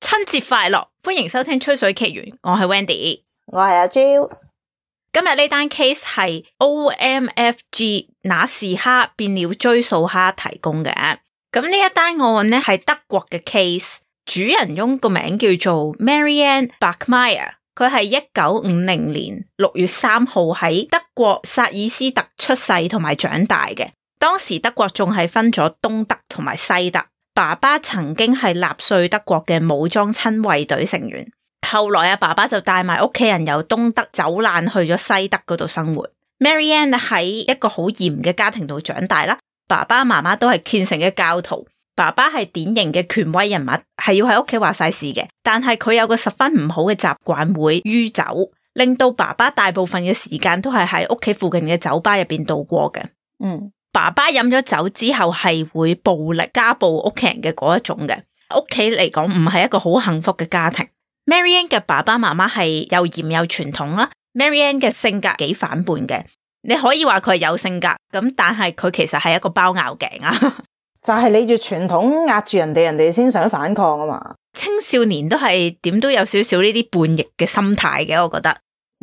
春節快樂！歡迎收聽《吹水劇園》，我係 Wendy，我係阿 J。今日呢單 case 係 OMFG 那是大蝦變了追數蝦提供嘅，咁呢一單案呢係德國嘅 case，主人翁個名叫做 Marianne Bachmeier。佢係一九五零年六月三號喺德國薩爾斯特出世同埋長大嘅，當時德國仲係分咗東德同埋西德。爸爸曾經係納粹德國嘅武裝親衛隊成員，後來阿爸爸就帶埋屋企人由東德走難去咗西德嗰度生活。Marianne 喺一個好嚴嘅家庭度長大啦，爸爸媽媽都係虔誠嘅教徒。爸爸係典型嘅權威人物，係要喺屋企話晒事嘅。但係佢有個十分唔好嘅習慣，會酗酒，令到爸爸大部分嘅時間都係喺屋企附近嘅酒吧入邊度過嘅。嗯，爸爸飲咗酒之後係會暴力家暴屋企人嘅嗰一種嘅。屋企嚟講唔係一個好幸福嘅家庭。Marianne 嘅爸爸媽媽係又嚴又傳統啦，啊。Marianne 嘅性格幾反叛嘅，你可以話佢係有性格咁，但係佢其實係一個包拗頸啊。 就係你住傳統壓住人哋，人哋先想反抗啊嘛！青少年都係點都有少少呢啲叛逆嘅心態嘅，我覺得。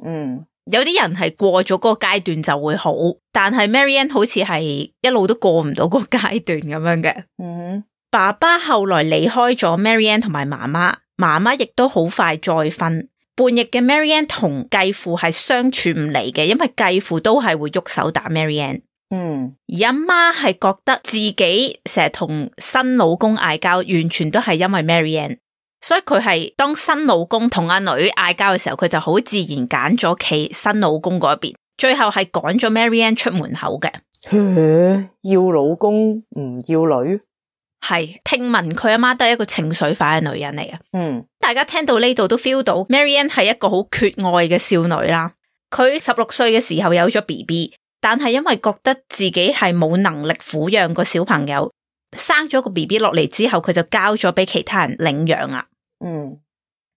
嗯，有啲人係過咗嗰個階段就會好，但係 Marianne 好似係一路都過唔到個階段咁樣嘅。嗯，爸爸後來離開咗 Marianne 同埋媽媽，媽媽亦都好快再婚。叛逆嘅 Marianne 同繼父係相處唔嚟嘅，因為繼父都係會喐手打 Marianne。嗯，而阿媽係覺得自己成日同新老公嗌交，完全都係因為 Marianne，所以佢係當新老公同阿女嗌交嘅時候，佢就好自然揀咗企新老公嗰邊，最後係趕咗 Marianne 出門口嘅。要老公唔要女，係聽聞佢阿媽都係一個情緒化嘅女人嚟嘅。嗯，大家聽到呢度都 feel 到 Marianne 係一個好缺愛嘅少女啦。佢十六歲嘅時候有咗 BB。但係因為覺得自己係冇能力撫養個小朋友，生咗個 B B 落嚟之後，佢就交咗俾其他人領養啊。嗯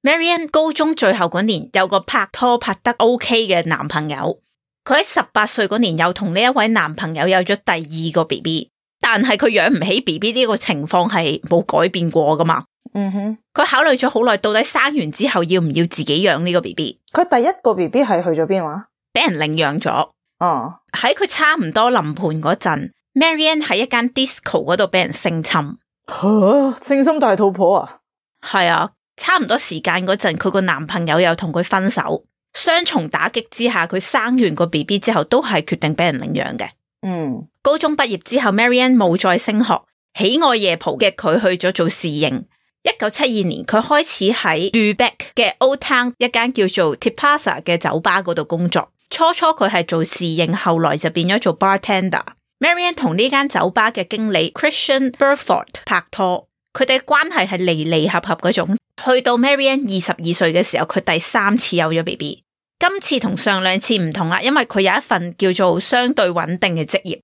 ，Marianne 高中最後嗰年有個拍拖拍得 O K 嘅男朋友，佢喺十八歲嗰年又同呢一位男朋友有咗第二個 B B，但係佢養唔起 B B 呢個情況係冇改變過噶嘛。嗯哼，佢考慮咗好耐，到底生完之後要唔要自己養呢個 B B？佢第一個 B B 係去咗邊話？俾人領養咗。啊！喺佢、oh. 差唔多臨盆嗰陣 Marianne 喺一間 disco 嗰度俾人性侵，吓、oh, 性侵大肚婆啊！係啊，差唔多時間嗰陣，佢個男朋友又同佢分手，雙重打擊之下，佢生完個 B B 之後，都係決定俾人領養嘅。嗯，mm. 高中畢業之後 Marianne 冇再升學，喜愛夜蒲嘅佢去咗做侍應。一九七二年，佢開始喺 Lübeck 嘅 Old Town 一間叫做 Tipasa 嘅酒吧嗰度工作。初初佢係做侍應，後來就變咗做 bartender。Marianne 同呢間酒吧嘅經理 Christian Burford 拍拖，佢哋關係係離離合合嗰種。去到 Marianne 二十二歲嘅時候，佢第三次有咗 B B，今次同上兩次唔同啦，因為佢有一份叫做相對穩定嘅職業。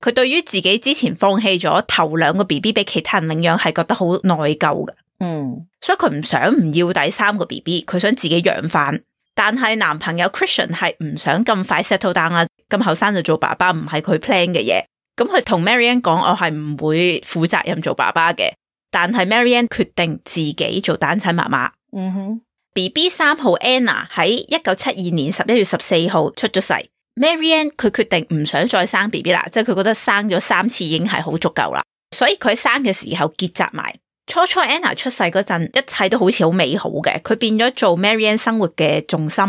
佢對於自己之前放棄咗頭兩個 B B 俾其他人領養，係覺得好內疚嘅。嗯，所以佢唔想唔要第三個 B B，佢想自己養翻。但係男朋友 Christian 係唔想咁快 settle down 啊，咁後生就做爸爸唔係佢 plan 嘅嘢，咁佢同 Marianne 講我係唔會負責任做爸爸嘅，但係 Marianne 決定自己做單親媽媽。嗯哼，B B 三號 Anna 喺一九七二年十一月十四號出咗世，Marianne 佢決定唔想再生 B B 啦，即係佢覺得生咗三次已經係好足夠啦，所以佢生嘅時候結紮埋。初初 Anna 出世嗰陣，一切都好似好美好嘅，佢變咗做 Marianne 生活嘅重心。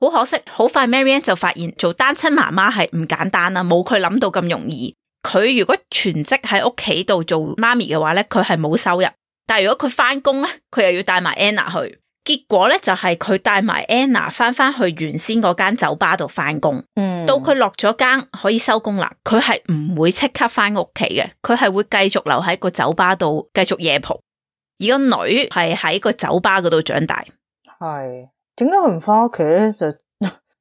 好可惜，好快 Marianne 就發現做單親媽媽係唔簡單啦，冇佢諗到咁容易。佢如果全職喺屋企度做媽咪嘅話咧，佢係冇收入。但係如果佢翻工咧，佢又要帶埋 Anna 去。結果咧就係佢帶埋 Anna 翻翻去原先嗰間酒吧度翻工，嗯、到佢落咗更可以收工啦。佢係唔會即刻翻屋企嘅，佢係會繼續留喺個酒吧度繼續夜蒲。而個女係喺個酒吧嗰度長大，係。點解佢唔翻屋企咧？就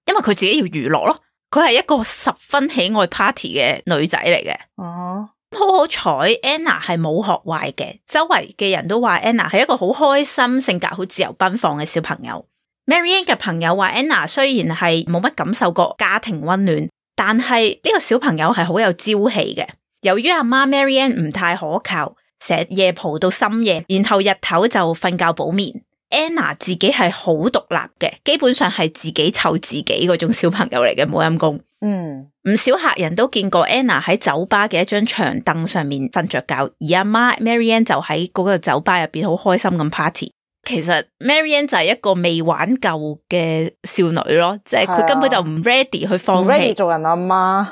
因為佢自己要娛樂咯。佢係一個十分喜愛 party 嘅女仔嚟嘅。啊。好好彩，Anna 係冇學壞嘅。周圍嘅人都話，Anna 係一個好開心、性格好自由奔放嘅小朋友。Marianne 嘅朋友話，Anna 雖然係冇乜感受過家庭溫暖，但係呢個小朋友係好有朝氣嘅。由於阿媽 Marianne 唔太可靠，成日夜蒲到深夜，然後日頭就瞓覺補眠。Anna 自己係好獨立嘅，基本上係自己湊自己嗰種小朋友嚟嘅，冇陰功。嗯，唔少客人都見過 Anna 喺酒吧嘅一張長凳上面瞓着覺，而阿媽 Marianne 就喺嗰個酒吧入邊好開心咁 party。其實 Marianne 就係一個未玩夠嘅少女咯，即係佢根本就唔 ready 去放棄、啊、做人阿媽，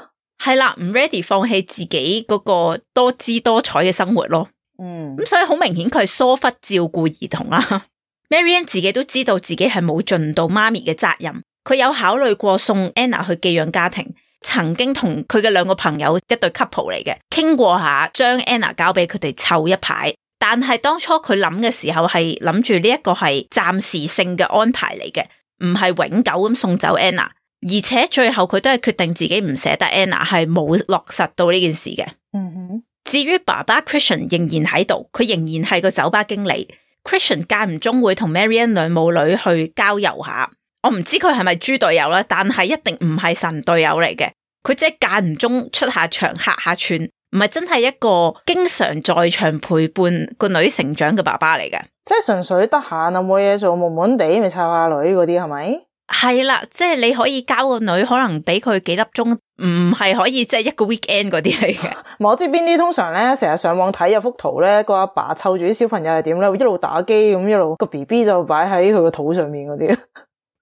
係啦，唔 ready 放棄自己嗰個多姿多彩嘅生活咯。嗯，咁所以好明顯佢係疏忽照顧兒童啦。Marianne 自己都知道自己係冇盡到媽咪嘅責任，佢有考慮過送 Anna 去寄養家庭，曾經同佢嘅兩個朋友一對 couple 嚟嘅傾過一下，將 Anna 交俾佢哋湊一排。但係當初佢諗嘅時候係諗住呢一個係暫時性嘅安排嚟嘅，唔係永久咁送走 Anna。而且最後佢都係決定自己唔捨得 Anna，係冇落實到呢件事嘅。嗯、mm hmm. 至於爸爸 Christian 仍然喺度，佢仍然係個酒吧經理。Christian 間唔中會同 Marianne 兩母女去郊遊下，我唔知佢係咪豬隊友啦，但係一定唔係神隊友嚟嘅，佢即係間唔中出下場客下串，唔係真係一個經常在場陪伴個女成長嘅爸爸嚟嘅，即係純粹得閒冇嘢做，悶悶哋咪湊下女嗰啲係咪？係啦，即係你可以交個女，可能俾佢幾粒鐘，唔係可以即係一個 weekend 嗰啲嚟嘅。 我知邊啲通常咧，成日上網睇有幅圖咧，個阿爸湊住啲小朋友係點咧，一路打機咁，一路個 B B 就擺喺佢個肚上面嗰啲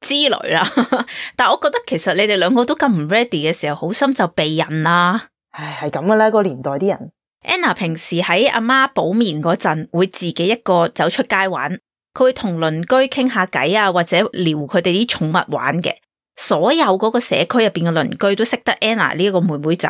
之類啦。 但係我覺得其實你哋兩個都咁唔 ready 嘅時候，好心就避孕啦。唉，係咁嘅呢個年代啲人。Anna 平時喺阿媽補眠嗰陣，會自己一個走出街玩。佢會同鄰居傾下偈啊，或者撩佢哋啲寵物玩嘅。所有嗰個社區入邊嘅鄰居都識得 Anna 呢一個妹妹仔。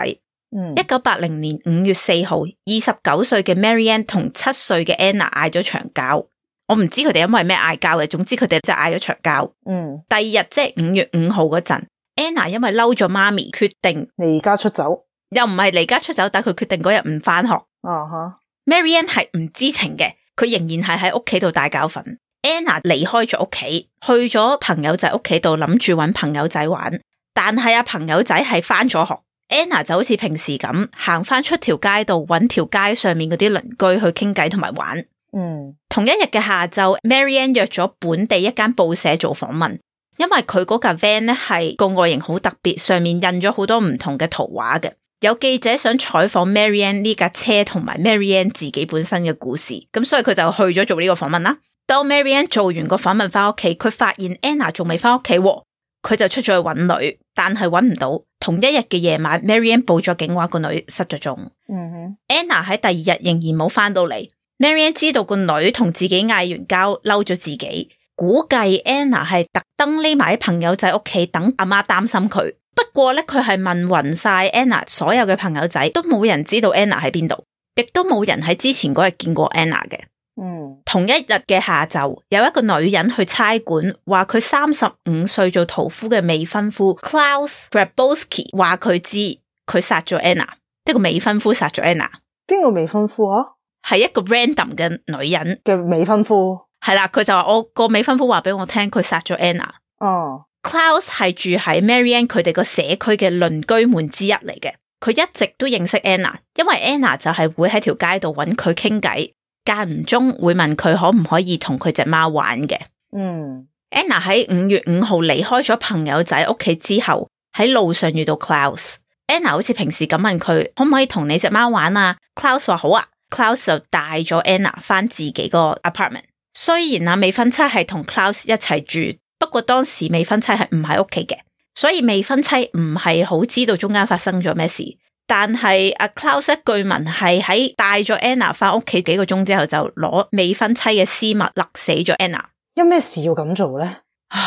嗯，一九八零年五月四號，二十九歲嘅 Marianne 同七歲嘅 Anna 嗌咗場交。我唔知佢哋因為咩嗌交嘅，總之佢哋係嗌咗場交。嗯，第二日即係五月五號嗰陣，Anna 因為嬲咗媽咪，決定離家出走。又唔係離家出走，但係佢決定嗰日唔翻學。哦、啊哈，吓，Marianne 係唔知情嘅。佢仍然係喺屋企度大覺瞓。Anna 離開咗屋企，去咗朋友仔屋企度諗住搵朋友仔玩。但係阿朋友仔係返咗學，Anna 就好似平時咁行返出條街度，搵條街上面嗰啲鄰居去傾偈同埋玩。嗯，同一日嘅下晝 Marianne 約咗本地一間報社做訪問，因為佢嗰架 van 咧係個外形好特別，上面印咗好多唔同嘅圖畫嘅。有記者想採訪 Marianne 呢架車同埋 Marianne 自己本身嘅故事，咁所以佢就去咗做呢個訪問啦。當 Marianne 做完個訪問翻屋企，佢發現 Anna 仲未翻屋企，佢就出咗去搵女，但係搵唔到。同一日嘅夜晚，Marianne 報咗警話個女失咗蹤。嗯，Anna 喺第二日仍然冇翻到嚟。Marianne 知道個女同自己嗌完交，嬲咗自己，估計 Anna 係特登匿埋喺朋友仔屋企等阿媽擔心佢。不過呢，佢係問勻晒 Anna 所有嘅朋友仔，都冇人知道 Anna 喺邊度，亦都冇人喺之前嗰日見過 Anna 嘅。嗯，同一日嘅下晝，有一個女人去差館，話佢三十五歲做屠夫嘅未婚夫 Klaus Grabowski 話佢知佢殺咗 Anna，即個未婚夫殺咗 Anna。邊個未婚夫啊？係一個 random 嘅女人嘅未婚夫。係啦，佢就話我個未婚夫話俾我聽，佢殺咗 Anna。哦。Klaus 係住喺 Marianne 佢哋個社區嘅鄰居們之一嚟嘅，佢一直都認識 Anna，因為 Anna 就係會喺條街度揾佢傾偈，間唔中會問佢可唔可以同佢隻貓玩嘅。嗯，Anna 喺五月五號離開咗朋友仔屋企之後，喺路上遇到 Klaus，Anna 好似平時咁問佢可唔可以同你隻貓玩啊？Klaus 話好啊。Klaus 就帶咗 Anna 返自己個 apartment，雖然啊未婚妻係同 Klaus 一齊住。不過當時未婚妻係唔喺屋企嘅，所以未婚妻唔係好知道中間發生咗咩事。但係阿 Klaus 據聞係喺帶咗 Anna 翻屋企幾個鐘之後，就攞未婚妻嘅絲襪勒死咗 Anna。因咩事要咁做咧？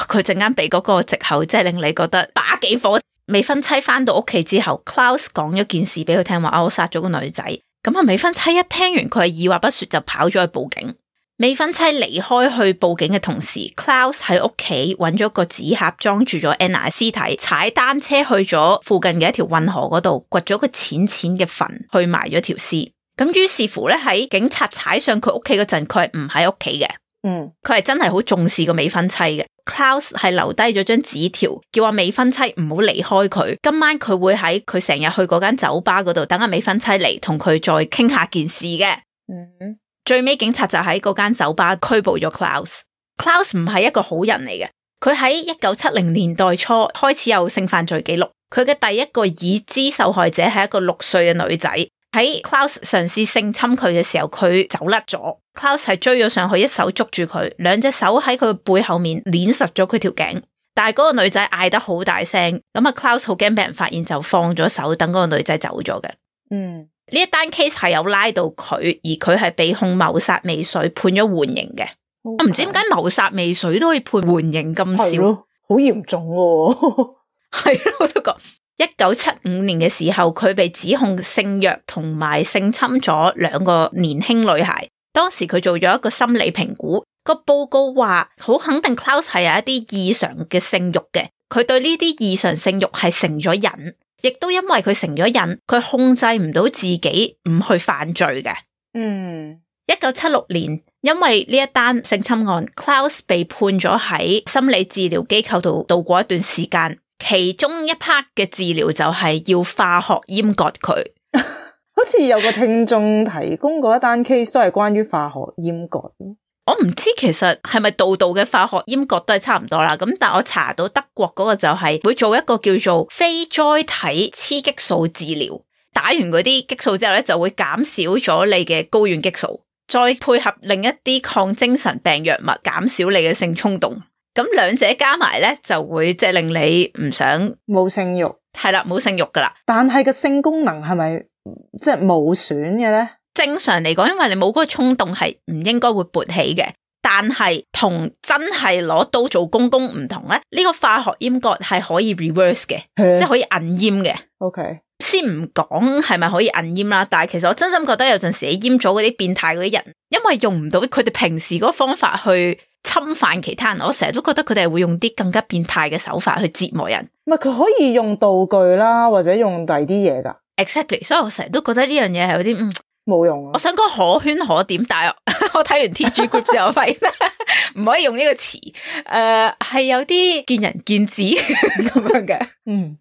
佢陣間俾嗰個借口，即係令你覺得把幾火。未婚妻翻到屋企之後，Klaus 講咗件事俾佢聽話，我殺咗個女仔。咁啊，未婚妻一聽完佢係二話不說就跑咗去報警。未婚妻離開去報警嘅同時，Klaus 喺屋企揾咗個紙盒，裝住咗 Anna 嘅屍體，踩單車去咗附近嘅一條運河嗰度，掘咗個淺淺嘅墳，去埋咗條屍。咁於是乎咧，喺警察踩上佢屋企嗰陣，佢係唔喺屋企嘅。嗯，佢係真係好重視個未婚妻嘅。Klaus 係留低咗張紙條，叫阿未婚妻唔好離開佢。今晚佢會喺佢成日去嗰間酒吧嗰度等阿未婚妻嚟同佢再傾下件事嘅。嗯、mm。Hmm. 最尾警察就喺嗰間酒吧拘捕咗 Klaus。Klaus 唔係一個好人嚟嘅，佢喺一九七零年代初開始有性犯罪記錄。佢嘅第一個已知受害者係一個六歲嘅女仔。喺 Klaus 嘗試性侵佢嘅時候，佢走甩咗。Klaus 係追咗上去，一手捉住佢，兩隻手喺佢背後面碾實咗佢條頸。但係嗰個女仔嗌得好大聲，咁啊 Klaus 好驚俾人發現，就放咗手，等嗰個女仔走咗嘅。嗯。呢一單 case 係有拉到佢，而佢係被控謀殺未遂，判咗緩刑嘅。我唔 Okay.、啊、知點解謀殺未遂都可以判緩刑咁少，好嚴、啊、重係、啊、係， 我都覺。一九七五年嘅時候，佢被指控性虐同埋性侵咗兩個年輕女孩。當時佢做咗一個心理評估，個報告話好肯定 Klaus 係有一啲異常嘅性欲嘅。佢對呢啲異常性欲係成咗癮。亦都因為佢成咗癮，佢控制唔到自己唔去犯罪嘅。嗯，一九七六年因為呢一單性侵案 Klaus 被判咗喺心理治療機構度度過一段時間，其中一 part 嘅治療就係要化學閹割佢。 好似有個聽眾提供過一單 case 都係關於化學閹割。我唔知其實係咪度度嘅化學閹割都係差唔多啦，咁但我查到德國嗰個就係會做一個叫做非甾體雌激素治療，打完嗰啲激素之後咧就會減少咗你嘅睾丸激素，再配合另一啲抗精神病藥物減少你嘅性衝動，咁兩者加埋咧就會即係、就是、令你唔想冇性欲，係啦冇性欲噶啦，但係個性功能係咪即係冇損嘅咧？就是正常嚟講，因為你冇嗰個衝動，係唔應該會勃起嘅。但係同真係攞刀做公公唔同咧，呢個化學閹割係可以 reverse 嘅，是的即係可以銀閹嘅。OK，先唔講係咪可以銀閹啦，但係其實我真心覺得有陣時你閹咗嗰啲變態嗰啲人，因為用唔到佢哋平時嗰個方法去侵犯其他人，我成日都覺得佢哋係會用啲更加變態嘅手法去折磨人。唔係佢可以用道具啦，或者用第啲嘢㗎。Exactly，所以我成日都覺得呢樣嘢係有啲嗯。冇用啊！我想講可圈可點，但係我睇完 TG group 之後，發現唔 可以用呢個詞。誒、呃，係有啲見仁見智咁樣嘅。 嗯，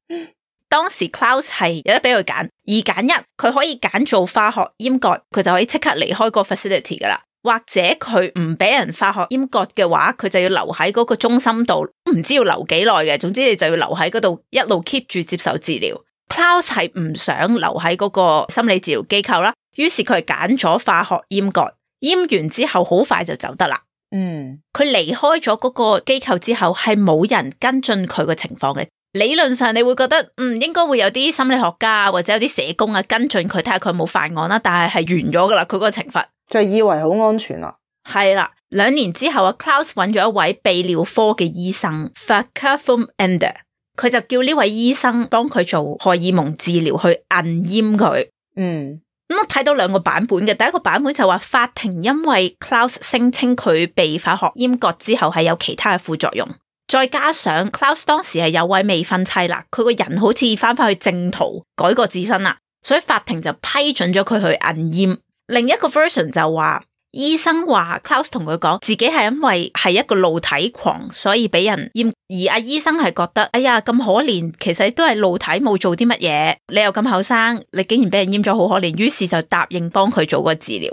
當時 Klaus 係有得俾佢揀二揀一，佢可以揀做化學閹割，佢就可以即刻離開個 facility 噶啦。或者佢唔俾人化學閹割嘅話，佢就要留喺嗰個中心度，唔知要留幾耐嘅。總之你就要留喺嗰度，一路 keep 住接受治療。Klaus 係唔想留喺嗰個心理治療機構啦。於是佢係揀咗化學閹割，閹完之後好快就走得啦。嗯，佢離開咗嗰個機構之後，係冇人跟進佢個情況嘅。理論上你會覺得，嗯，應該會有啲心理學家或者有啲社工啊跟進佢，睇下佢冇犯案啦。但係係完咗噶啦，佢個懲罰就以為好安全啦、啊。係啦，兩年之後啊 Klaus 揾咗一位泌尿科嘅醫生，Falko Funder，佢就叫呢位醫生幫佢做荷爾蒙治療去暗閹佢。嗯。咁我睇到兩個版本嘅，第一個版本就話法庭因為 Klaus 聲稱佢被化學閹割之後係有其他嘅副作用，再加上 Klaus 當時係有位未婚妻啦，佢個人好似翻翻去正途，改過自身啦，所以法庭就批准咗佢去銀閹。另一個 version 就話。醫生話，Klaus 同佢講，自己係因為係一個露體狂，所以俾人閹。而阿醫生係覺得，哎呀咁可憐，其實都係露體冇做啲乜嘢，你又咁後生，你竟然俾人閹咗，好可憐。於是就答應幫佢做個治療。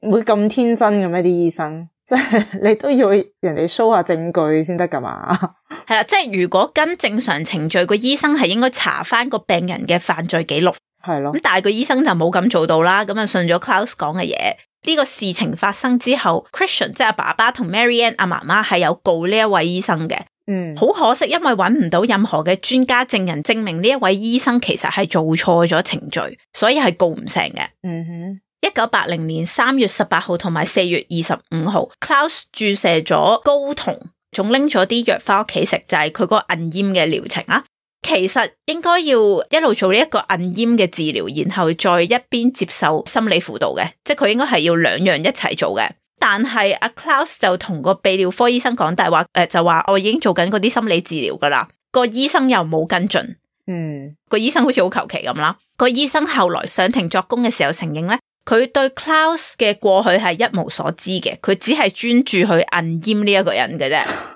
乜會咁天真咁一啲醫生？即 係 你都要人哋 show 下證據先得噶嘛？係 啦，即係如果跟正常程序，個醫生係應該查翻個病人嘅犯罪記錄。係咯的。咁但係個醫生就冇咁做到啦，咁啊信咗 Klaus 講嘅嘢。呢個事情發生之後，Christian 即係阿爸爸同 Marianne 阿媽媽係有告呢一位醫生嘅。嗯，好可惜，因為揾唔到任何嘅專家證人證明呢一位醫生其實係做錯咗程序，所以係告唔成嘅。嗯哼，一九八零年三月十八號同埋四月二十五號，Klaus 注射咗睾酮，仲拎咗啲藥翻屋企食，就係、是、佢個銀煙嘅療程啊。其實應該要一路做呢一個摁閹嘅治療，然後再一邊接受心理輔導嘅，即係佢應該係要兩樣一齊做嘅。但係阿 Klaus 就同個泌尿科醫生講，大話誒就話我已經做緊嗰啲心理治療噶啦，個醫生又冇跟進，嗯，個醫生好似好求其咁啦。個醫生後來上庭作供嘅時候承認咧，佢對 Klaus 嘅過去係一無所知嘅，佢只係專注去摁閹呢一個人嘅啫。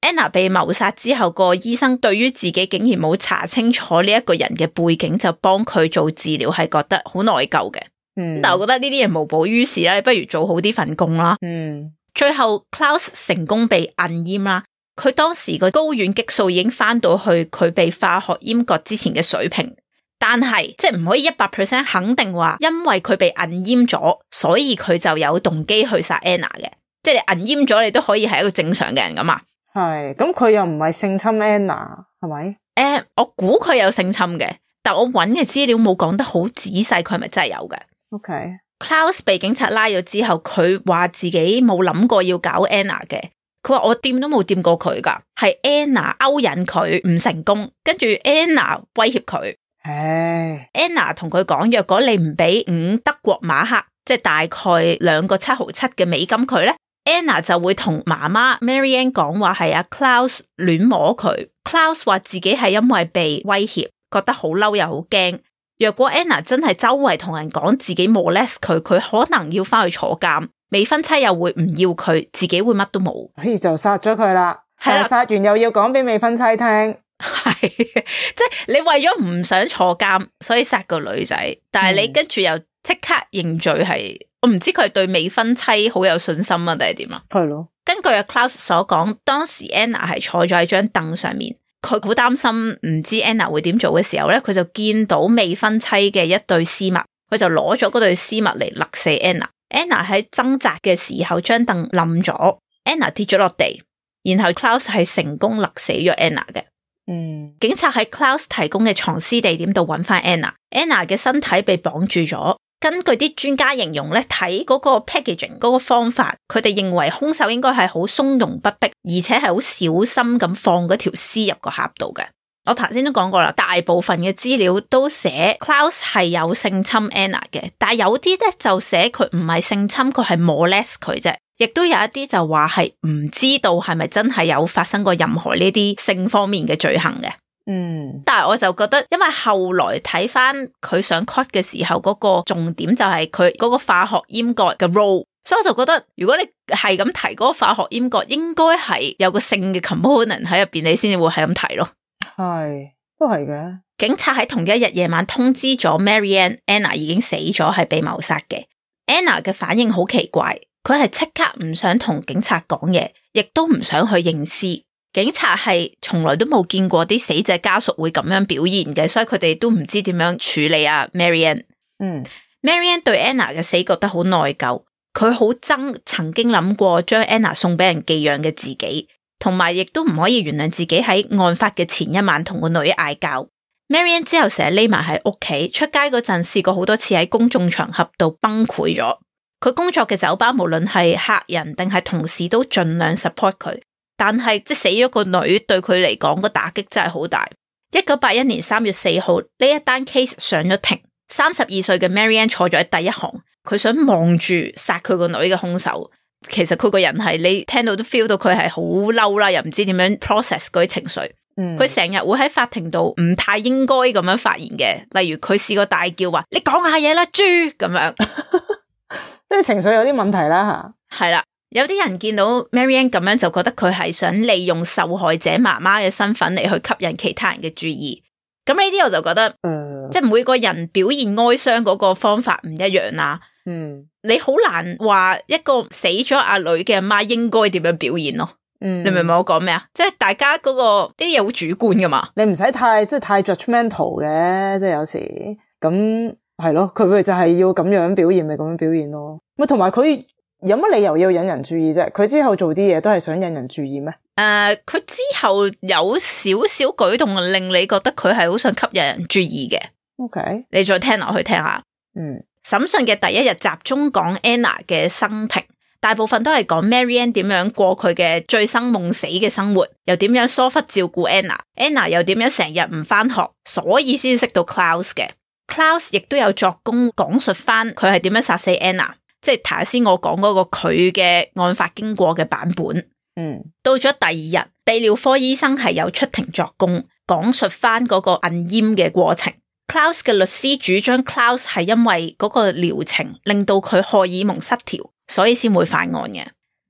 Anna 被謀殺之後，個醫生對於自己竟然冇查清楚呢一個人嘅背景，就幫佢做治療，係覺得好內疚嘅。嗯，但我覺得呢啲嘢無補於事啦，不如做好啲份工啦。嗯，最後 Klaus 成功被銀淹啦，佢當時個睾丸激素已經翻到去佢被化學閹割之前嘅水平，但係即係唔可以一百 percent 肯定話，因為佢被銀淹咗，所以佢就有動機去殺 Anna 嘅。即係你銀淹咗，你都可以係一個正常嘅人噶嘛。係咁，佢又唔係性侵 Anna，係咪？誒，我估佢有性侵嘅，但我揾嘅資料冇講得好仔細，佢係咪真係有嘅？OK，Klaus 被警察拉咗之後，佢話自己冇諗過要搞 Anna 嘅，佢話我掂都冇掂過佢噶，係 Anna 勾引佢唔成功，跟住 Anna 威脅佢，誒，Anna 同佢講，若果你唔俾五德國馬克，即係大概兩個七毫七嘅美金，佢咧。Anna 就會同媽媽 Marianne 講話係阿 Klaus 亂摸佢，Klaus 話自己係因為被威脅，覺得好嬲，又好驚。若果 Anna 真係周圍同人講自己冇 less 佢，佢可能要翻去坐監，未婚妻又會唔要佢，自己會乜都冇，所以就殺咗佢啦。係啊、殺完又要講俾未婚妻聽，係即係你為咗唔想坐監，所以殺個女仔，但係你跟住又、嗯。即刻認罪係，我唔知佢係對未婚妻好有信心啊，定係點啊？係咯的。根據阿 Klaus 所講，當時 Anna 係坐咗喺張凳上面，佢好擔心唔知 Anna 會點做嘅時候咧，佢就見到未婚妻嘅一對絲襪，佢就攞咗嗰對絲襪嚟勒死 Anna。Anna 喺掙扎嘅時候，將凳冧咗，Anna 跌咗落地，然後 Klaus 係成功勒死咗 Anna 嘅。嗯。警察喺 Klaus 提供嘅藏屍地點度搵翻 Anna，Anna 嘅身體被綁住咗。根據啲專家形容咧，睇嗰個 packaging 嗰個方法，佢哋認為兇手應該係好從容不迫，而且係好小心咁放嗰條屍入個盒度嘅。我頭先都講過啦，大部分嘅資料都寫 Klaus 係有性侵 Anna 嘅，但係有啲咧就寫佢唔係性侵，佢係 molest 佢啫。亦都有一啲就話係唔知道係咪真係有發生過任何呢啲性方面嘅罪行嘅。嗯，但係我就覺得，因為後來睇翻佢想 cut 嘅時候，嗰個重點就係佢嗰個化學閹割嘅 role，所以我就覺得，如果你係咁提嗰個化學閹割，應該係有個性嘅 component 喺入邊，你先至會係咁提咯。係都係嘅。警察喺同一日夜晚通知咗 Mary a n n Anna 已經死咗，係被謀殺嘅。Anna 嘅反應好奇怪，佢係即刻唔想同警察講嘢，亦都唔想去認屍。警察係從來都冇見過啲死者家屬會咁樣表現嘅，所以佢哋都唔知點樣處理啊。Marianne，嗯，Marianne 對 Anna 嘅死覺得好內疚，佢好憎曾經諗過將 Anna 送俾人寄養嘅自己，同埋亦都唔可以原諒自己喺案發嘅前一晚同個女嗌交。Marianne 之後成日匿埋喺屋企，出街嗰陣試過好多次喺公眾場合度崩潰咗。佢工作嘅酒吧無論係客人定係同事都盡量 support 佢。但係即係死咗個女，對佢嚟講個打擊真係好大。一九八一年三月四號呢一單 case 上咗庭，三十二歲嘅 Marianne 坐咗喺第一行，佢想望住殺佢個女嘅兇手。其實佢個人係你聽到都 feel 到佢係好嬲啦，又唔知點樣 process 嗰啲情緒。嗯，佢成日會喺法庭度唔太應該咁樣發言嘅，例如佢試過大叫話：你講下嘢啦，豬咁樣，即 係 情緒有啲問題啦吓。係啦。有啲人見到 Marianne 咁樣就覺得佢係想利用受害者媽媽嘅身份嚟去吸引其他人嘅注意，咁呢啲我就覺得，嗯、即係每個人表現哀傷嗰個方法唔一樣啦、啊。嗯，你好難話一個死咗阿女嘅阿媽應該點樣表現咯。嗯，你明唔明我講咩啊？即係大家嗰個呢啲嘢好主觀噶嘛，你唔使太即係太 judgmental 嘅，即係有時咁係咯，佢會就係要咁樣表現咪咁樣表現咯。咪同埋佢。有乜理由要引人注意啫？佢之後做啲嘢都係想引人注意咩？誒，佢之後有少少舉動令你覺得佢係好想吸引人注意嘅。OK，你再聽落去聽下。嗯，審訊嘅第一日集中講 Anna 嘅生平，大部分都係講 Marianne 點樣過佢嘅醉生夢死嘅生活，又點樣疏忽照顧 An Anna，Anna 又點樣成日唔翻學，所以先識到 Klaus 嘅。Klaus 亦都有作供講述翻佢係點樣殺死 Anna。即係頭先，我講嗰個佢嘅案發經過嘅版本。嗯，到咗第二日，泌尿科醫生係有出庭作供，講述翻嗰個閹嘅過程。Klaus 嘅律師主張，Klaus 係因為嗰個療程令到佢荷爾蒙失調，所以先會犯案嘅。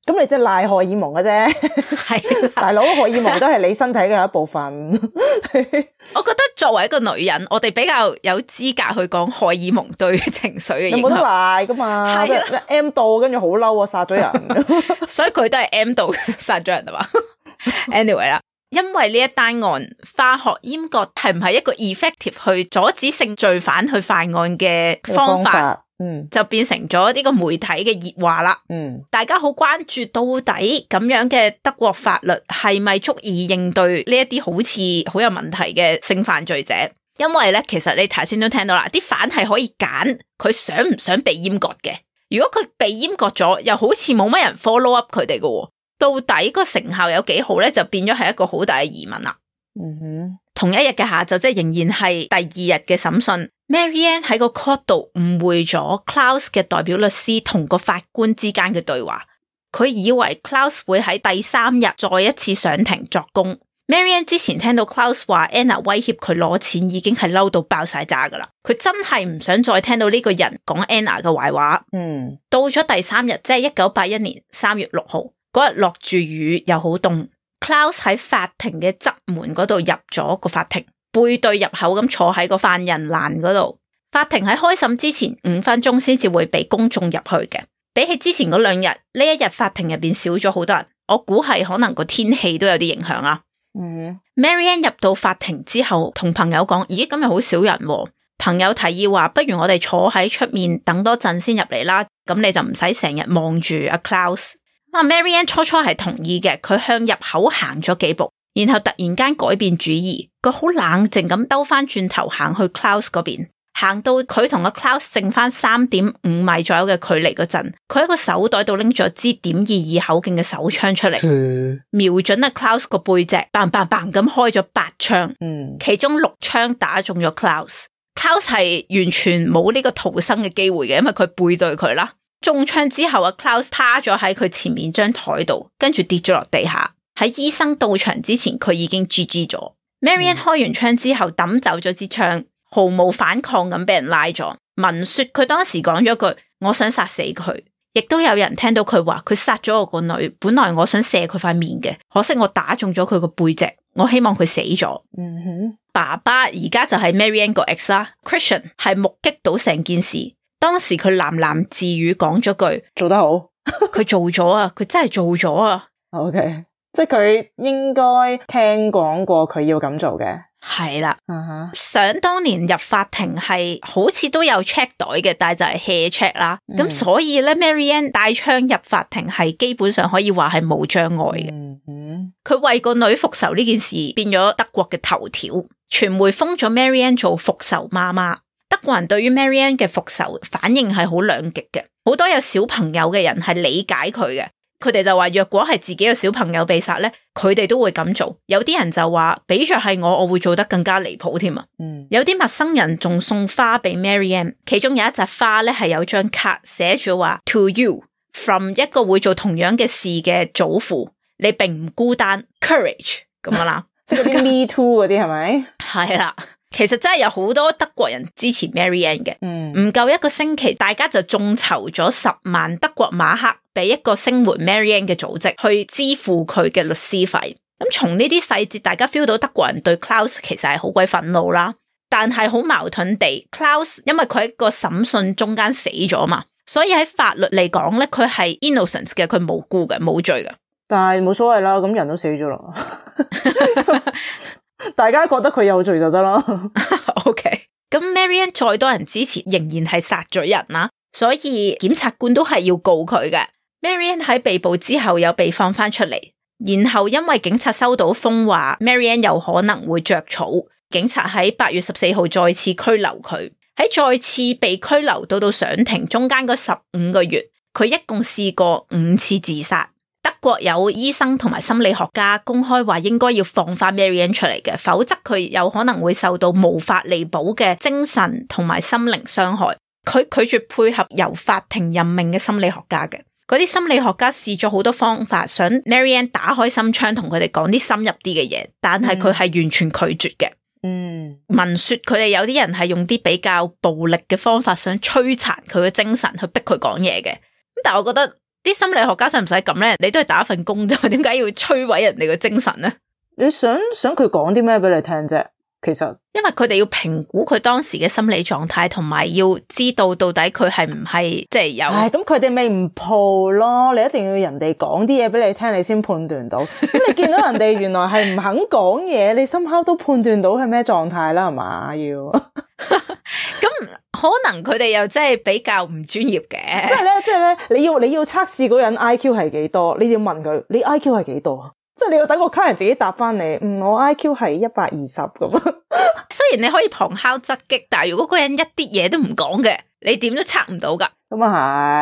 咁你即係賴荷爾蒙嘅啫，係是的 大佬荷爾蒙都係你身體嘅一部分 。我覺得作為一個女人，我哋比較有資格去講荷爾蒙對情緒嘅影響。有冇得賴噶嘛？係啊的，M 到跟住好嬲啊，殺咗人， 所以佢都係 M 到殺咗人啊嘛。 Anyway 啦，因為呢一單案，化學閹割係唔係一個 effective 去阻止性罪犯去犯案嘅方法？嗯，就變成咗呢個媒體嘅熱話啦。嗯，大家好關注到底咁樣嘅德國法律係咪足以應對呢一啲好似好有問題嘅性犯罪者？因為咧，其實你頭先都聽到啦，啲犯係可以揀佢想唔想被閹割嘅。如果佢被閹割咗，又好似冇乜人 follow up 佢哋嘅。到底個成效有幾好咧？就變咗係一個好大嘅疑問啦。嗯，同一日嘅下晝，即係仍然係第二日嘅審訊。Marianne 喺個 court 度誤會咗 Klaus 嘅代表律師同個法官之間嘅對話，佢以為 Klaus 會喺第三日再一次上庭作供。Marianne 之前聽到 Klaus 話 Anna 威脅佢攞錢，已經係嬲到爆晒炸噶啦，佢真係唔想再聽到呢個人講 Anna 嘅壞話。嗯，到咗第三、就是、日，即係一九八一年三月六號嗰日，落住雨又好凍，Klaus 喺法庭嘅側門嗰度入咗個法庭。背對入口咁坐喺個犯人欄嗰度，法庭喺開審之前五分鐘先至會被公眾入去嘅。比起之前嗰兩日呢一日，法庭入邊少咗好多人，我估係可能個天氣都有啲影響啊。嗯，Marianne 入到法庭之後，同朋友講：咦，今日好少人喎。朋友提議話：不如我哋坐喺出面等多陣先入嚟啦。咁你就唔使成日望住阿 Klaus 咁啊，啊，Marianne 初初係同意嘅，佢向入口行咗幾步。然後突然間改變主意，佢好冷靜咁兜翻轉頭行去 Klaus 嗰邊，行到佢同阿 Klaus 剩翻三點五米左右嘅距離嗰陣，佢喺個手袋度拎咗支點二二口徑嘅手槍出嚟，瞄準阿 Klaus 個背脊，嘭嘭嘭咁開咗八槍，其中六槍打中咗 Klaus，Klaus 係完全冇呢個逃生嘅機會嘅，因為佢背對佢啦。中槍之後，阿 Klaus 趴咗喺佢前面張台度，跟住跌咗落地下。喺醫生到場之前，佢已經 G G 咗。Marianne 開完槍之後抌走咗支槍，毫無反抗咁俾人拉咗。文說佢當時講咗句：我想殺死佢。亦都有人聽到佢話，佢殺咗我個女。本來我想射佢塊面嘅，可惜我打中咗佢個背脊。我希望佢死咗。嗯哼、mm，hmm. 爸爸而家就係 Marianne 個 ex 啦。Christian 係目擊到成件事，當時佢喃喃自語講咗句：做得好。佢 做咗啊！佢真係做咗啊！OK。即係佢應該聽講過佢要咁做嘅，係啦了，嗯哼、uh，huh. 想當年入法庭係好似都有 check 袋嘅，但係就係卸 check 啦。咁、嗯、所以咧，Marianne 帶槍入法庭係基本上可以話係冇障礙嘅。嗯，佢為個女復仇呢件事變咗德國嘅頭條，傳媒封咗 Marianne 做復仇媽媽。德國人對於 Marianne 嘅復仇反應係好兩極嘅，好多有小朋友嘅人係理解佢嘅。佢哋就話，若果係自己嘅小朋友被殺咧，佢哋都會咁做。有啲人就話，畀着係我，我會做得更加離譜添啊！嗯、有啲陌生人仲送花俾 Marianne，其中有一扎花咧係有張卡寫住話，To you, from 一個會做同樣嘅事嘅祖父，你並唔孤單，Courage 咁樣啦， 即係嗰啲 Me too 嗰啲係咪？係啦 吧。 其實真係有好多德國人支持 Marianne 嘅，唔夠、嗯、一個星期，大家就眾籌咗十萬德國馬克俾一個聲援 Marianne 嘅組織去支付佢嘅律師費。咁從呢啲細節，大家 feel 到德國人對 Klaus 其實係好鬼憤怒啦。但係好矛盾地，Klaus 因為佢喺個審訊中間死咗嘛，所以喺法律嚟講咧，佢係 innocence 嘅，佢無辜嘅，冇罪嘅。但係冇所謂啦，咁人都死咗啦。 大家覺得佢有罪就得啦、 okay。OK，咁 Marianne 再多人支持，仍然係殺咗人啦，啊，所以檢察官都係要告佢嘅。Marianne 喺被捕之後有被放翻出嚟，然後因為警察收到風話 Marianne 有可能會着草，警察喺八月十四號再次拘留佢。喺再次被拘留到到上庭中間嗰十五個月，佢一共試過五次自殺。德國有醫生同埋心理學家公開話，應該要放翻 Marianne 出嚟嘅，否則佢有可能會受到無法彌補嘅精神同埋心靈傷害。佢拒絕配合由法庭任命嘅心理學家嘅。嗰啲心理學家試咗好多方法，想 Marianne 打開心窗，同佢哋講啲深入啲嘅嘢，但係佢係完全拒絕嘅。嗯，聞說佢哋有啲人係用啲比較暴力嘅方法，想摧殘佢嘅精神，去逼佢講嘢嘅。但我覺得。啲心理學家使唔使咁咧？你都係打一份工啫，點解要摧毀人哋嘅精神咧？你想想佢講啲咩俾你聽啫？其實，因為佢哋要評估佢當時嘅心理狀態，同埋要知道到底佢係唔係即係有。唉，咁佢哋咪唔抱咯？你一定要人哋講啲嘢俾你聽，你先判斷到。咁 你見到人哋原來係唔肯講嘢，你深刻都判斷到係咩狀態啦，係嘛？要咁可能佢哋又真係比較唔專業嘅。即係咧，即係咧，你要你要測試嗰人 I Q 係幾多？你要問佢，你 I Q 係幾多啊？即係你要等個客人自己答翻你，嗯，我 IQ 係一百二十咁。雖然你可以旁敲側擊，但係如果個人一啲嘢都唔講嘅，你點都測唔到噶咁啊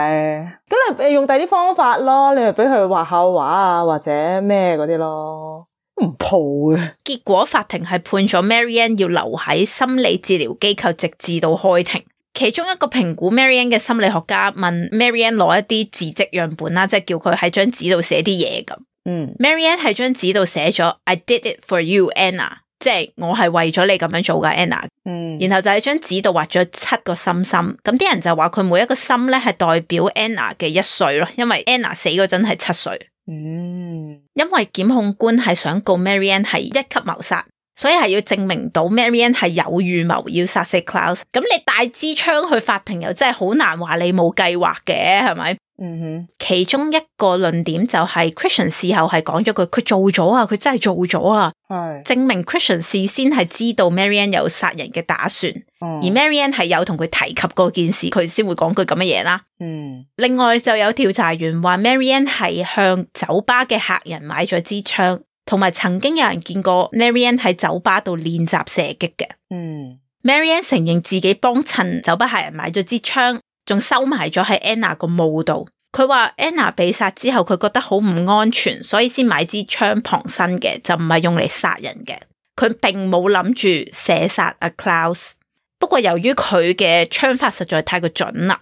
係，咁你用第啲方法咯，你咪俾佢畫下畫啊，或者咩嗰啲咯。唔鋪嘅。結果法庭係判咗 Marianne 要留喺心理治療機構直至到開庭。其中一個評估 Marianne 嘅心理學家問 Marianne 攞一啲字跡樣本啦，即係叫佢喺張紙度寫啲嘢咁。嗯，Marianne 喺張紙度寫咗 I did it for you，Anna，即係我係為咗你咁樣做㗎 Anna 嗯，Anna、 然後就喺張紙度畫咗七個心心，咁啲人就話佢每一個心咧係代表 Anna 嘅一歲咯，因為 Anna 死嗰陣係七歲。嗯， 因為檢控官係想告 Marianne 係一級謀殺。所以係要證明到 Marianne 係有預謀要殺死 Klaus，咁你帶支槍去法庭又真係好難話你冇計劃嘅，係咪？嗯哼，其中一個論點就係 Christian 事後係講咗句佢，佢做咗啊，佢真係做咗啊，係是證明 Christian 事先係知道 Marianne 有殺人嘅打算，嗯、而 Marianne 係有同佢提及嗰件事，佢先會講句咁嘅嘢啦。嗯，另外就有調查員話 Marianne 係向酒吧嘅客人買咗支槍，槍。同埋曾經有人見過 Marianne 喺酒吧度練習射擊嘅、嗯。嗯 Marianne 承認自己幫襯酒吧客人買咗支槍，仲收埋咗喺 Anna 個墓度。佢話 Anna 被殺之後，佢覺得好唔安全，所以先買支槍旁身嘅，就唔係用嚟殺人嘅。佢並冇諗住射殺阿 Klaus。不過由於佢嘅槍法實在太過準啦，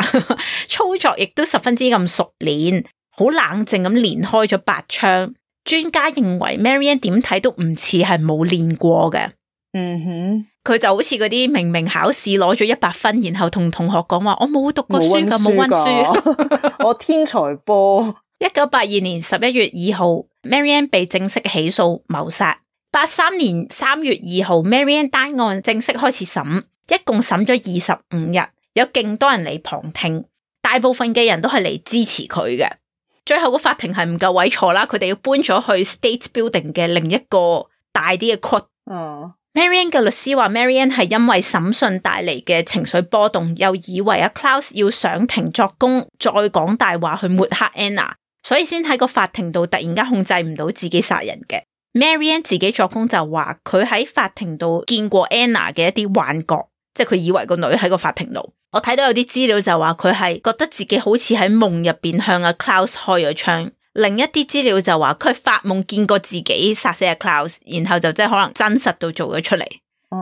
操作亦都十分之咁熟練，好冷靜咁連開咗八槍。專家認為 Marianne 點睇都唔似係冇練過嘅，嗯哼，佢就好似嗰啲明明考試攞咗一百分，然後同同學講話我冇讀過書咁冇温書，溫溫 我天才波。一九八二年十一月二號，Marianne 被正式起訴謀殺。八三年三月二號，Marianne 單案正式開始審，一共審咗二十五日，有勁多人嚟旁聽，大部分嘅人都係嚟支持佢嘅。最後個法庭係唔夠位坐啦，佢哋要搬咗去 State Building 嘅另一個大啲嘅 court 哦。Marianne 嘅律師話，Marianne 係因為審訊帶嚟嘅情緒波動，又以為啊 Klaus 要上庭作供，再講大話去抹黑 Anna，所以先喺個法庭度突然間控制唔到自己殺人嘅。Marianne 自己作供就話，佢喺法庭度見過 Anna 嘅一啲幻覺，即係佢以為個女喺個法庭度。我睇到有啲資料就話佢係覺得自己好似喺夢入邊向阿 Klaus 開咗槍，另一啲資料就話佢發夢見過自己殺死阿 Klaus 然後就即係可能真實到做咗出嚟。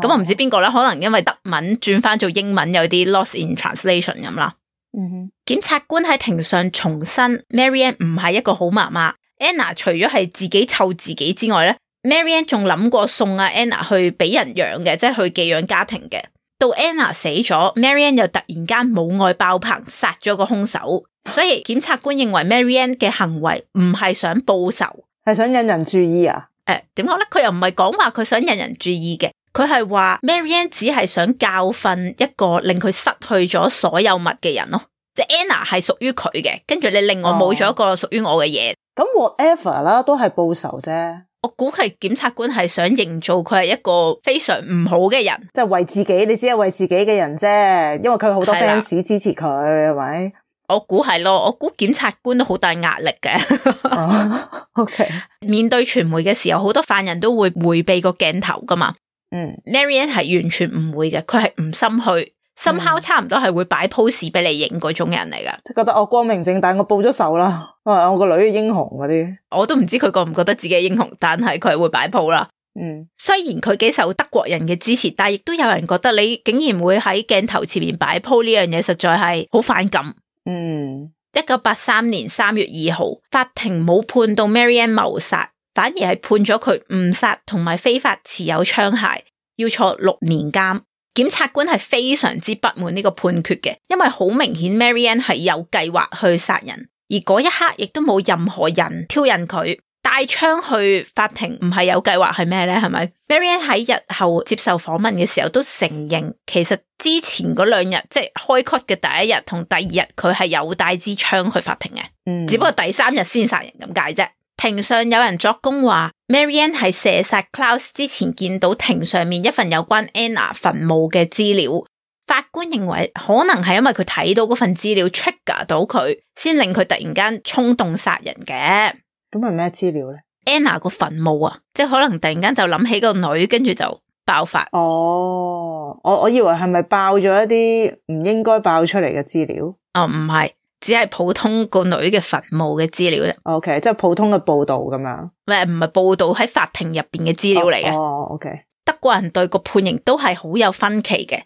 咁我唔知邊個咧，可能因為德文轉翻做英文有啲 lost in translation 咁啦。嗯，檢察官喺庭上重申 Marianne 唔係一個好媽媽。Anna 除咗係自己湊自己之外咧 Marianne 仲諗過送阿 Anna 去俾人養嘅，即係去寄養家庭嘅。到 Anna 死咗，Marianne 又突然間母愛爆棚，殺咗個凶手，所以檢察官認為 Marianne 嘅行為唔係想報仇，係想引人注意啊？誒、哎，點講咧？佢又唔係講話佢想引人注意嘅，佢係話 Marianne 只係想教訓一個令佢失去咗所有物嘅人咯，即係 Anna 係屬於佢嘅，跟住你令我冇咗一個屬於我嘅嘢，咁、哦、whatever 啦，都係報仇啫。我估係檢察官係想營造佢係一個非常唔好嘅人，即係為自己，你只係為自己嘅人啫。因為佢好多 fans 支持佢，係咪的吧？我估係咯，我估檢察官都好大壓力嘅。 o、oh, K，okay. 面對傳媒嘅時候，好多犯人都會迴避個鏡頭噶嘛。嗯 m、mm. Marianne 係完全唔會嘅，佢係唔心虛。深烤，嗯、差唔多係會擺 pose 俾你影嗰種人嚟噶，覺得我光明正大，我報咗仇啦！我個女英雄嗰啲，我都唔知佢覺唔覺得自己英雄，但係佢會擺 pose 啦。嗯，雖然佢幾受德國人嘅支持，但係亦都有人覺得你竟然會喺鏡頭前面擺 pose 呢樣嘢，實在係好反感。嗯，一九八三年三月二號，法庭冇判到 Marianne 謀殺，反而係判咗佢誤殺同埋非法持有槍械，要坐六年監。檢察官係非常之不滿呢個判決嘅，因為好明顯 Marianne 係有計劃去殺人，而嗰一刻亦都冇任何人挑釁，佢帶槍去法庭不是有計劃是呢？唔係有計劃係咩咧？係咪 Marianne 喺日後接受訪問嘅時候都承認，其實之前嗰兩日即係開 cut 嘅第一日同第二日，佢係有帶支槍去法庭嘅，只不過第三日先殺人咁解啫。庭上有人作供話，Marianne 喺射殺 Klaus 之前見到庭上面一份有關 Anna 墳墓嘅資料，法官認為可能係因為佢睇到嗰份資料 trigger 到佢，先令佢突然間衝動殺人嘅。咁係咩資料咧？Anna 個墳墓啊，即係可能突然間就諗起個女，跟住就爆發。哦，我我以為係咪爆咗一啲唔應該爆出嚟嘅資料？哦、啊，唔係。只係普通個女嘅墳墓嘅資料啫。OK，即係普通嘅報道咁樣，唔係報道喺法庭入邊嘅資料嚟嘅。哦，OK。德國人對個判刑都係好有分歧嘅。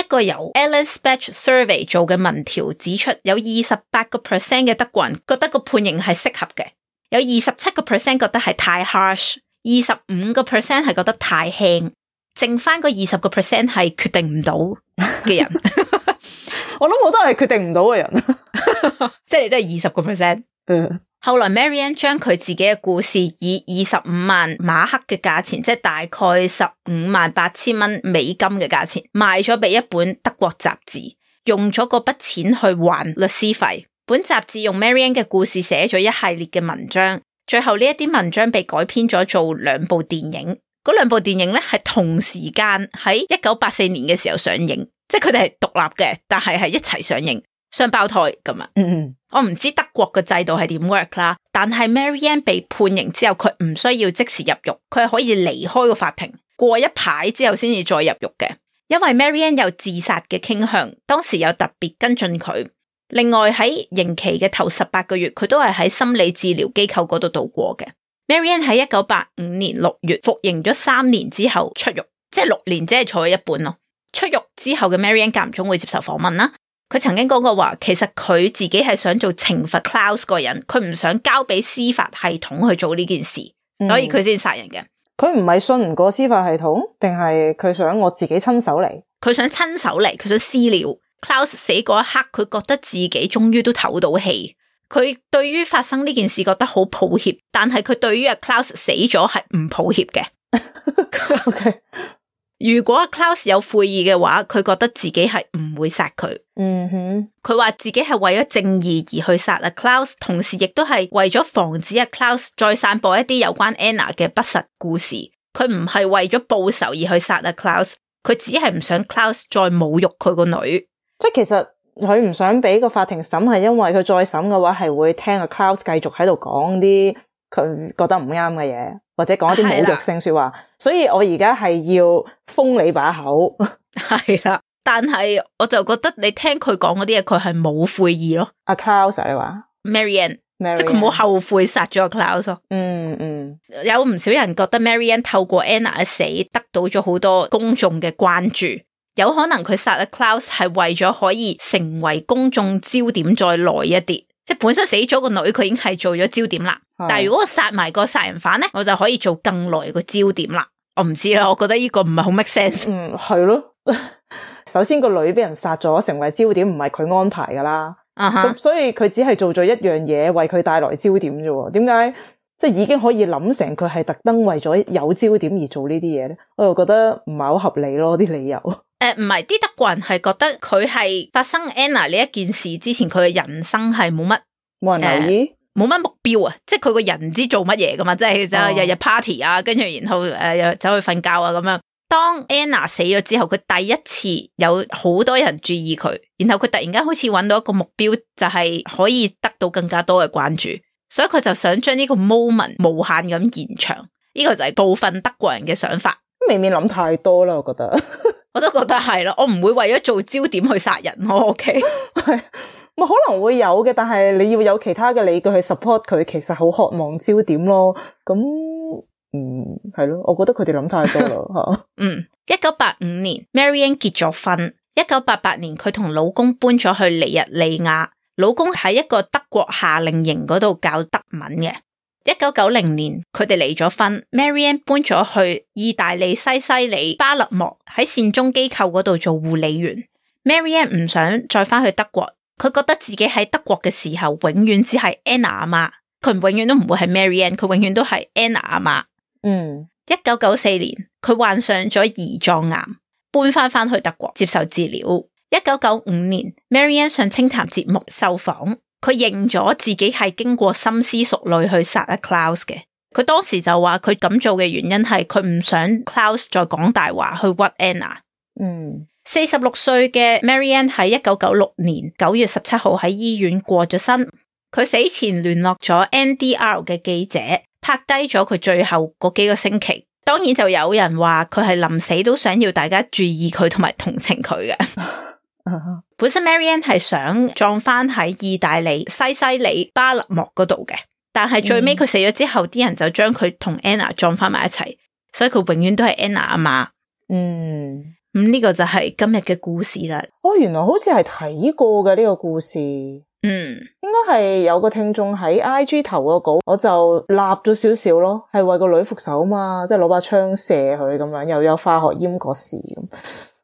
一個由 Alan Spatch Survey 做嘅民調指出，有二十八個 percent 嘅德國人覺得個判刑係適合嘅，有二十七個 percent 覺得係太 harsh，二十五個 percent 係覺得太輕，剩翻個二十個 percent 係決定唔到嘅人。 我諗我都係決定唔到嘅人。 即係你都係二十個 percent。嗯、後來 Marianne 將佢自己嘅故事以二十五萬馬克嘅價錢，即係大概十五萬八千蚊美金嘅價錢賣咗俾一本德國雜誌，用咗嗰筆錢去還律師費。本雜誌用 Marianne 嘅故事寫咗一系列嘅文章，最後呢一啲文章被改編咗做兩部電影。嗰兩部電影咧係同時間喺一九八四年嘅時候上映，即係佢哋係獨立嘅，但係係一齊上映。雙胞胎咁啊，嗯嗯，我唔知德國嘅制度係點 work 啦，但係 Marianne 被判刑之後，佢唔需要即時入獄，佢係可以離開個法庭，過一排之後先至再入獄嘅。因為 Marianne 有自殺嘅傾向，當時有特別跟進佢。另外喺刑期嘅頭十八個月，佢都係喺心理治療機構嗰度度過嘅。Marianne 喺一九八五年六月服刑咗三年之後出獄，即係六年，即係坐咗一半咯。出獄之後嘅 Marianne 間唔中會接受訪問啦。佢曾經講過話，其實佢自己係想做懲罰 Klaus 個人，佢唔想交俾司法系統去做呢件事，嗯、所以佢先殺人嘅。佢唔係信唔過司法系統，定係佢想我自己親手嚟？佢想親手嚟，佢想私了。Klaus 死嗰一刻，佢覺得自己終於都唞到氣。佢對於發生呢件事覺得好抱歉，但係佢對於阿 Klaus 死咗係唔抱歉嘅。O K。如果 Klaus 有悔意嘅話，佢覺得自己係唔會殺佢。嗯哼，佢話自己係為咗正義而去殺阿 Klaus，同時亦都係為咗防止阿 Klaus 再散播一啲有關 Anna 嘅不實故事。佢唔係為咗報仇而去殺阿 Klaus，佢只係唔想 Klaus 再侮辱佢個女。即係其實佢唔想俾個法庭審，係因為佢再審嘅話，係會聽阿 Klaus 繼續喺度講啲佢覺得唔啱嘅嘢。或者講一啲侮辱性說話，的所以我而家係要封你把口。係啦，但係我就覺得你聽佢講嗰啲嘢，佢係冇悔意咯。阿 Klaus, 你話，Marianne，即係佢冇後悔殺咗 Klaus，嗯嗯，嗯有唔少人覺得 Marianne 透過 Anna 嘅死，得到咗好多公眾嘅關注，有可能佢殺阿 Klaus 係為咗可以成為公眾焦點再耐一啲，即係本身死咗個女，佢已經係做咗焦點啦。但係如果我殺埋個殺人犯咧，我就可以做更耐個焦點啦。我唔知啦，我覺得呢個唔係好 make sense。嗯，係咯。 首先個女俾人殺咗，成為焦點唔係佢安排噶啦。咁、uh huh. 所以佢只係做咗一樣嘢，為佢帶來焦點啫。點解即係已經可以諗成佢係特登為咗有焦點而做呢啲嘢咧？我又覺得唔係好合理咯啲理由。誒、呃，唔係啲德國人係覺得佢係發生 Anna 呢一件事之前，佢嘅人生係冇乜冇人留意。呃冇乜目標啊，即係佢個人唔知做乜嘢噶嘛，即係就日日 party 啊，跟住然後誒、呃、又走去瞓覺啊咁樣。當 Anna 死咗之後，佢第一次有好多人注意佢，然後佢突然間好似揾到一個目標，就係可以得到更加多嘅關注，所以佢就想將呢個 moment 無限咁延長。呢、呢個就係部分德國人嘅想法，未免諗太多啦。我覺得， 我都覺得係咯，我唔會為咗做焦點去殺人。我屋企。可能會有嘅，但係你要有其他嘅理據去 support 佢，其實好渴望焦點咯。咁，嗯，係咯，我覺得佢哋諗太多咯。吓， 嗯，一九八五年，Marianne 結咗婚。一九八八年，佢同老公搬咗去尼日利亞，老公喺一個德國夏令營嗰度教德文嘅。一九九零年，佢哋離咗婚，Marianne 搬咗去意大利西西里巴勒莫喺善終機構嗰度做護理員。Marianne 唔想再翻去德國。佢覺得自己喺德國嘅時候，永遠只係 Anna 阿媽，佢永遠都唔會係 Marianne，佢永遠都係 Anna 阿媽。嗯，一九九四年，佢患上咗胰臟癌，搬翻翻去德國接受治療。一九九五年，Marianne 上清談節目受訪，佢認咗自己係經過深思熟慮去殺阿 Klaus 嘅。佢當時就話佢咁做嘅原因係佢唔想 Klaus 再講大話去屈 Anna。嗯。四十六歲嘅 Marianne 喺一九九六年九月十七號喺醫院過咗身。佢死前聯絡咗 NDR 嘅記者，拍低咗佢最後嗰幾個星期。當然就有人話佢係臨死都想要大家注意佢同埋同情佢嘅。本身 Marianne 係想葬翻喺意大利西西里巴勒莫嗰度嘅，但係最尾佢死咗之後，啲人就將佢同 Anna 葬翻埋一齊，所以佢永遠都係 Anna 阿媽。嗯。咁呢、嗯這個就係今日嘅故事啦。哦，原來好似係睇過嘅呢、這個故事，嗯，應該係有個聽眾喺 I G 投個稿，我就立咗少少咯，係為個女復仇啊嘛，即係攞把槍射佢咁樣，又有化學閹嗰時，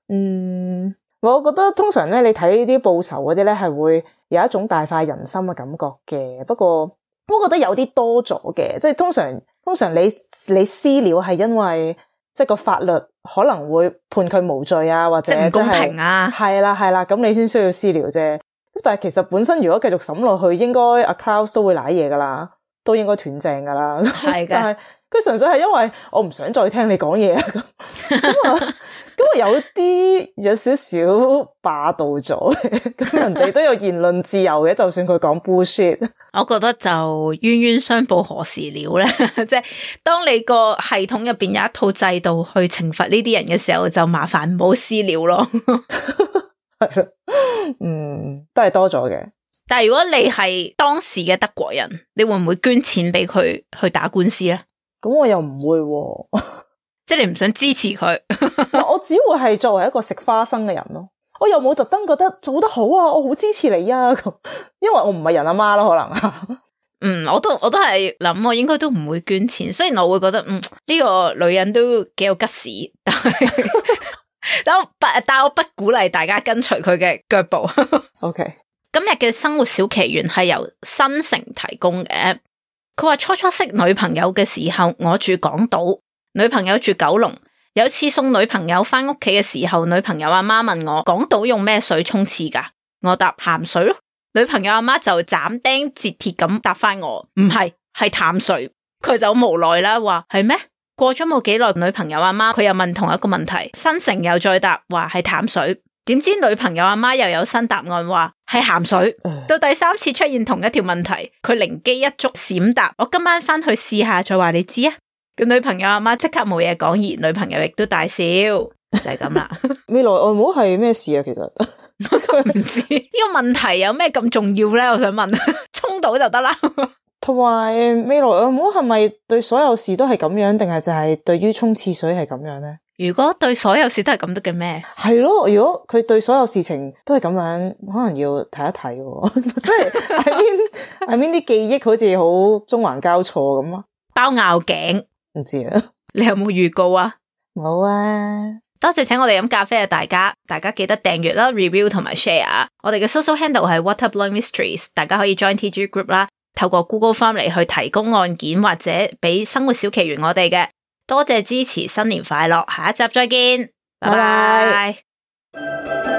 嗯，我覺得通常咧，你睇呢啲報仇嗰啲咧，係會有一種大快人心嘅感覺嘅，不過不過覺得有啲多咗嘅，即係通常通常你你私了係因為。即係個法律可能會判佢無罪啊，或者即係公平啊，係啦係啦，咁、啊啊啊、你先需要私聊啫。咁但係其實本身如果繼續審落去，應該阿 Klaus 都會瀨嘢噶啦，都應該斷正噶啦。係嘅的，但係佢純粹係因為我唔想再聽你講嘢啊。 咁啊， 有啲有少少霸道咗，咁 人哋都有言論自由嘅，就算佢講 bullshit，我覺得就冤冤相報何時了咧。 即係當你個系統入邊有一套制度去懲罰呢啲人嘅時候，就麻煩唔好私了咯。 係啊，嗯，都係多咗嘅。但係如果你係當時嘅德國人，你會唔會捐錢俾佢去打官司咧？咁我又唔會啊。 即係你唔想支持佢 ，我只會係作為一個食花生嘅人咯。我又冇特登覺得做得好啊，我好支持你啊。因為我唔係人阿媽咯，可能。嗯，我都我都係諗，我應該都唔會捐錢。雖然我會覺得，嗯，呢、這個女人都幾有吉士，但係 但我不但我不鼓勵大家跟隨佢嘅腳步。O K，今日嘅生活小奇懸係由新城提供嘅。佢話初初識女朋友嘅時候，我住港島。女朋友住九龍，有次送女朋友翻屋企嘅時候，女朋友阿媽問我港島用咩水沖廁噶？我答鹹水咯。女朋友阿媽就斬釘截鐵咁答翻我：唔係，係淡水。佢就好無奈啦，話係咩？過咗冇幾耐，女朋友阿媽佢又問同一個問題，新城又再答話係淡水。點知女朋友阿媽又有新答案，話係鹹水。到第三次出現同一條問題，佢靈機一觸，閃答：我今晚翻去試下，再話你知啊。個女朋友阿媽即刻冇嘢講，而女朋友亦都大笑，就係咁啦。 未來外母係咩事啊？其實我今日唔知呢、這個問題有咩咁重要咧？我想問，沖到就得啦。同 埋未來外母係咪對所有事都係咁樣，定係就係對於沖廁水係咁樣咧？如果對所有事都係咁得嘅咩？係咯， 如果佢對所有事情都係咁樣，可能要睇一睇嘅、啊。即係係邊係邊啲記憶好似好縱橫交錯咁啊，包拗頸。唔知啊，你有冇預告啊？冇啊！多謝請我哋飲咖啡嘅、啊、大家，大家記得訂閱啦、review 同埋 share。我哋嘅 social handle 係 waterblowingmysteries，大家可以 join TG group 啦。透過 Google Form 嚟去提供案件或者俾生活小奇懸我哋嘅，多謝支持，新年快樂，下一集再見，拜拜。拜拜。